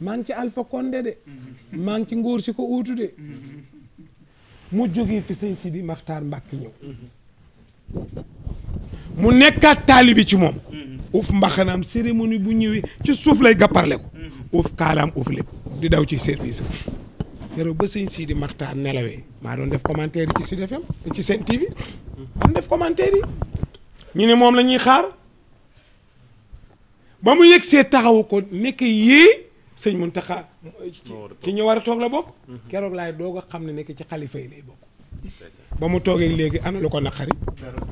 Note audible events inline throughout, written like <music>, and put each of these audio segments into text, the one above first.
maa ngi ci Alpha Condé de mm-hmm. maa ngi ci ngóor si ko uutu de mm-hmm. mu jógee fi sëñ Sidi Maxtaar Mbàkke ñëw mm-hmm. mu nekkaat taalibi ci moom uuf mbaxanaam cérémonie bu ñëwee ci suuf lay gàpparle ko uuf kaalaam uuf lépp di daw ci service keroog ba sëñ Sidi Maxtaar nelawee maa doon def commentaire ci Sud FM ci Sen TV doon def commentaire yi ñu ne moom la ñuy xaar ba mu yëg see taxawu ko nekk yii sëñ Muntaxa ci ñu war a toog la bokk keroog laay doo a xam ne nekk ci xalifa yi lay bokk ba mu toogee léegi ana lu ko naqari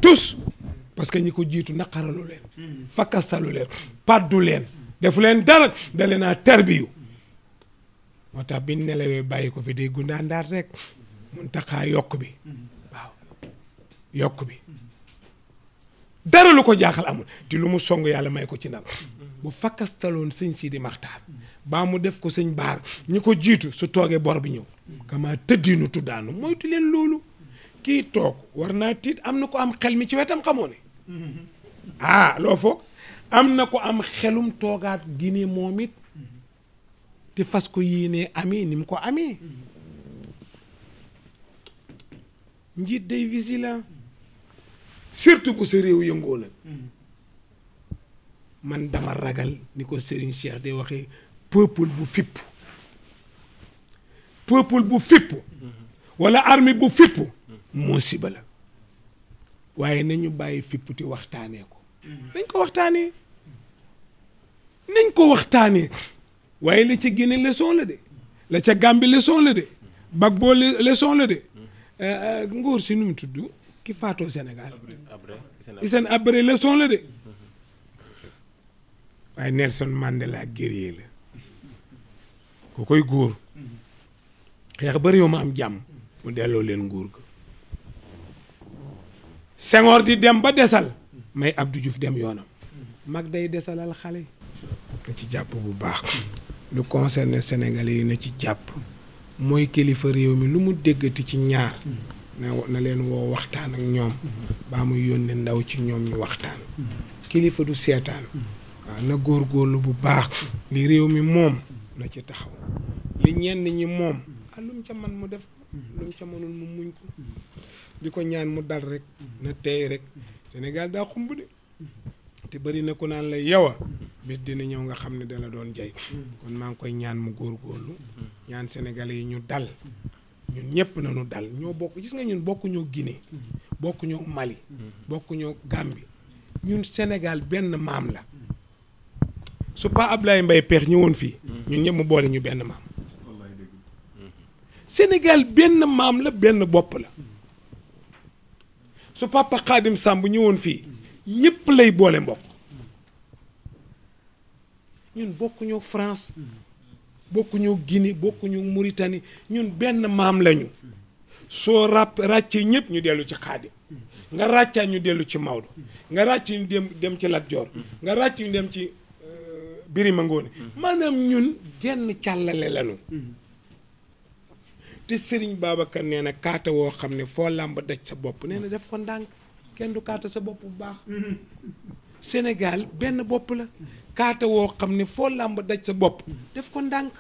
tous parce que ñi ko jiitu naqaralu leen fakkastalu leen paddu leen defu leen dara da leen a bi nelawee bàyyi ko fi day gundaandaat rek Muntaxa yokk bi yokk bi dara lu ko jaaxal amul te lu mu song yàlla may ko ci nag bu fakkastaloon sëñ Sidi Maxtaar baa mu def ko sëñ baar ñu ko jiitu su toogee bor bi ñëw kama tëddiinu tuddaanu moytu leen loolu kii toog war naa tiit am na ko am xel mi ci wetam xamoo ne ah loo foog am na ko am xelum toogaat gine moom it te fas ko yéenee amee ni mu ko amee njiit day vigilant surtout bu sa réew yëngoo nag man dama ragal ni ko Serigne Cheikh day waxee peuple bu fipp peuple bu fipp wala armée bu fipp musiba la waaye nañu bàyyi fipp ti waxtaanee ko nañ ko waxtaanee nañ ko waxtaanee waaye la ca Guinée leçon la de la ca Gambie leçon la de Gbagbo leçon la de eh, eh, ngóor si nu mu tudd ki faatoo Sénégal Hissène Habré leçon la de waaye Nelson Mandela guerrier la ku koy góor xeex ba réew ma am jàmm mu delloo leen nguur ga Senghor di dem ba desal may Abdou Diouf dem yoonam mag day desalal xale na ci jàpp bu baax lu concerné sénégalais yi na ci jàpp mooy kilifa réew mi lu mu déggati ci ñaar na na leen woo waxtaan ak ñoom baa muy yónni ndaw ci ñoom ñu waxtaan kilifa du seetaan waaw na góorgóorlu bu baax li réew mi moom na ci taxaw li ñenn ñi moom ah lu ca man mu def ko lu ca mënul mu muñ ko di ko ñaan mu dal rek na teey rek senegal daa xumb de te bëri na ku naan la yow a bis dina ñëw nga xam ne dala doon jay kon maa ngi koy ñaan mu góorgóorlu ñaan sénégalais yi ñu dal ñun ñëpp nañu dal ñoo bokk gis nga ñun bokkuñoo Guinée bokkuñoo Mali bokkuñoo Gambie ñun senegal benn maam la su Pa Abdoulaye Mbaye fii. Hmm. ñun ñëpp boole ñu benn maam. Hmm. benn maam la benn bopp la. su Xaadim Samb ñëwoon fii ñëpp lay boole mbokk ñun bokkuñu France bokkuñu Guinée bokkuñu Mauritanie ñun benn maam lañu soo ràpp ràccee ñëpp ñu dellu ci Xaadim nga ràccaa ñu dellu ci Maodo nga ràcc ñu dem ci Lat Joor hmm. nga ràcc ñu dem ci. Birima Ngóone mhm. maanaam ñun genn càllale lañu mhm. te Serigne Babacar nee na kaata woo xam ne foo làmb daj sa bopp nee na def ko ndànk kenn du kaata sa bopp bu baax mhm. Sénégal benn bopp la kaata woo xam ne foo làmb daj sa bopp def ko ndànk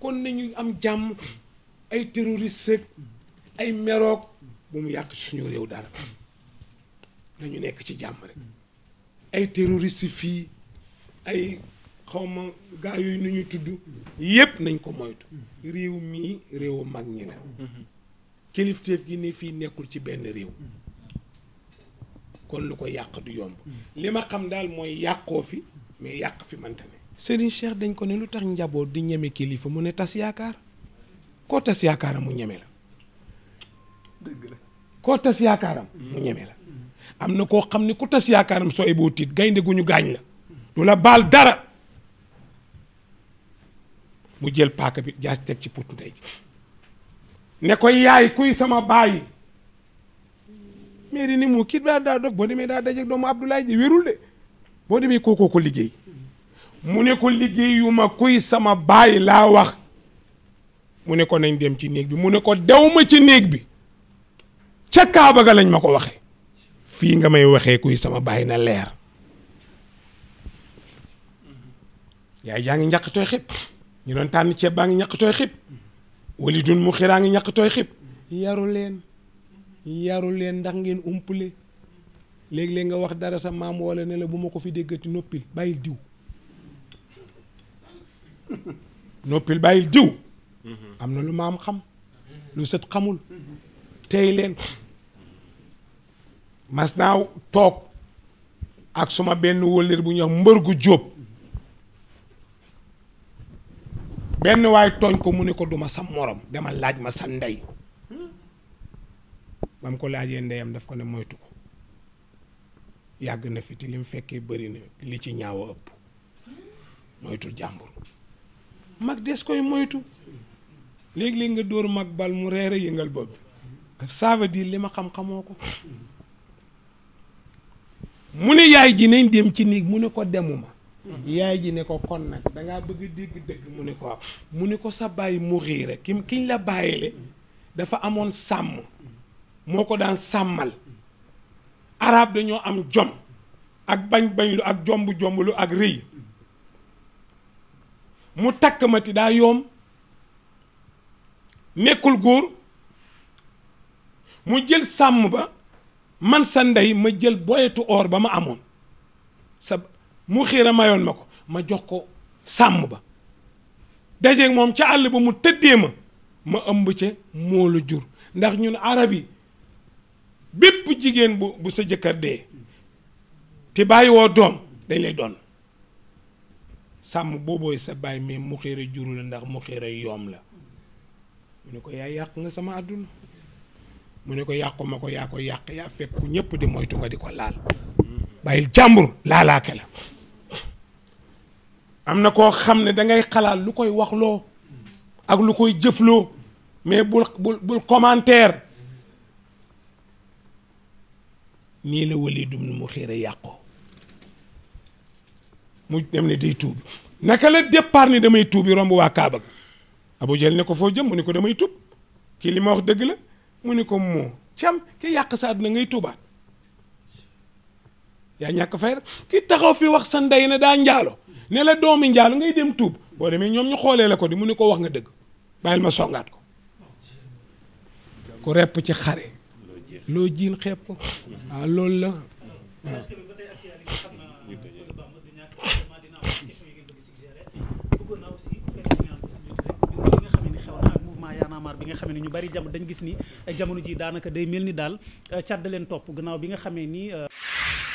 kon nañu am jàmm ay terroriste ay meroog bu mu yàq suñu réew dara nañu nekk ci jàmm rek ay terroriste fii ay xawma gaa yooyu nu ñuy tudd yépp nañ ko moytu réew mii réewu mag ñi la kilifteef gi ne fii nekkul ci benn réew kon lu ko yàq du yomb li ma xam daal mooy yàqoo fi mais yàq fi mante ne Serigne Cheikh dañ ko ne lu tax njaboot di ñeme kilifa mu ne tas yaakaar koo tas yaakaaram mu ñeme la dëgg la koo tas yaakaaram mu ñeme la am na koo xam ne ku tas yaakaaram sooy ay boo tiit gaynde gu ñu gaañ la du la baal dara mu jël paaka bi jaas teg ci puttu ndey ji ne ko yaay kuy sama baay mairie ni mu kii daa daa dof boo demee daa dajeeg doomu Abdoulaye ji wérul de boo demee kookoo ko liggéey mu ne ko liggéeyuma kuy sama baay laa wax mu ne ko nañ dem ci néeg bi mu ne ko dew ma ci néeg bi ca Kaaba ga lañ ma ko waxee fii nga may waxee kuy sama baay na leer yaay jaa ngi ñàkk tooy ñu doon tànn ceeb baa ngi ñàkk tooy xib wali mu xiraa ngi ñàkk tooy yaru leen yaru leen ndax ngeen umpule léeg-léeg nga wax dara sa maam wala ne la bu ma ko fi déggati noppil bàyyil diw <laughs> noppil bàyyil diw mhm. am na lu maam xam lu sët xamul tey leen mas naa toog ak suma benn wëllër bu ñu wax mbër gu jóob benn waay tooñ ko mu ne ko duma sa morom demal laaj ma sa ndey ba mu ko laajee ndeyam daf ko ne moytu ko yàgg na fi te li fekkee bari na li ci ñaaw a ëpp moytul jàmbur mag des koy moytu léegi-léegi nga dóor mag bal mu reere yëngal bopp ça veut dire li ma xam xamoo ko mu ne yaay ji nañ dem ci néeg mu ne ko demuma yaay ji ne ko kon nag dangaa bëgg dégg dëgg mu ne ko waaw mu ne ko sa bàyyi mu riira ki kiñ la bàyyile dafa amoon sàmm moo ko daan sàmmal arab dañoo am jom ak bañ bañ lu ak jomb jomb lu ak rëy mu takk mati daa yoom nekkul góor mu jël sàmm ba man sa ndey ma jël boyetu or ba ma amoon sa mu xiir mayoon ma ko ma jox ko sàmm ba dajeeg moom ca àll ba mu tëddee ma ma ëmb ca moo la jur ndax ñun arab yi bépp jigéen bu bu sa jëkkër dee te bàyyiwoo doom dañ lay doon sàmm boobooy sa baay mais mu xiir juru la ndax mu xiir yoom la mu ne ko yaa yàq nga sama àdduna mu ne ko yàqu ma ko yaa ko yàq yaa fekk ñëpp di moytu nga di ko laal bàyyil jàmbur laalaake la am na koo xam ne dangay ngay xalaat lu koy waxloo ak lu koy jëfloo mais bul bul bul commentaire nii la wali dum nu mu xiire yàqoo mu dem ne day tuubi naka la départ ni damay tuubi romb waa Kaaba ga Abu Jahal ne ko foo jëm mu ne ko damay tuub kii li ma wax dëgg la mu ni ko moo cam ki yàq sa àdduna ngay tuubaat yaa ñàkk fay rek ki taxaw fi wax sa ndey na daa njaaloo ne la doomi njaalu ngay dem tuub boo demee ñoom ñu xoolee la ko di mu ne ko wax nga dëgg bàyyil ma songaat ko ku repp ci xare loo jiin xeeb ko ah loolu la yaanaamaar bi nga xamee ni ñu bari jam dañ gis ni jamono ji daanaka day mel ni daal càdd leen topp gannaaw bi nga xamee nii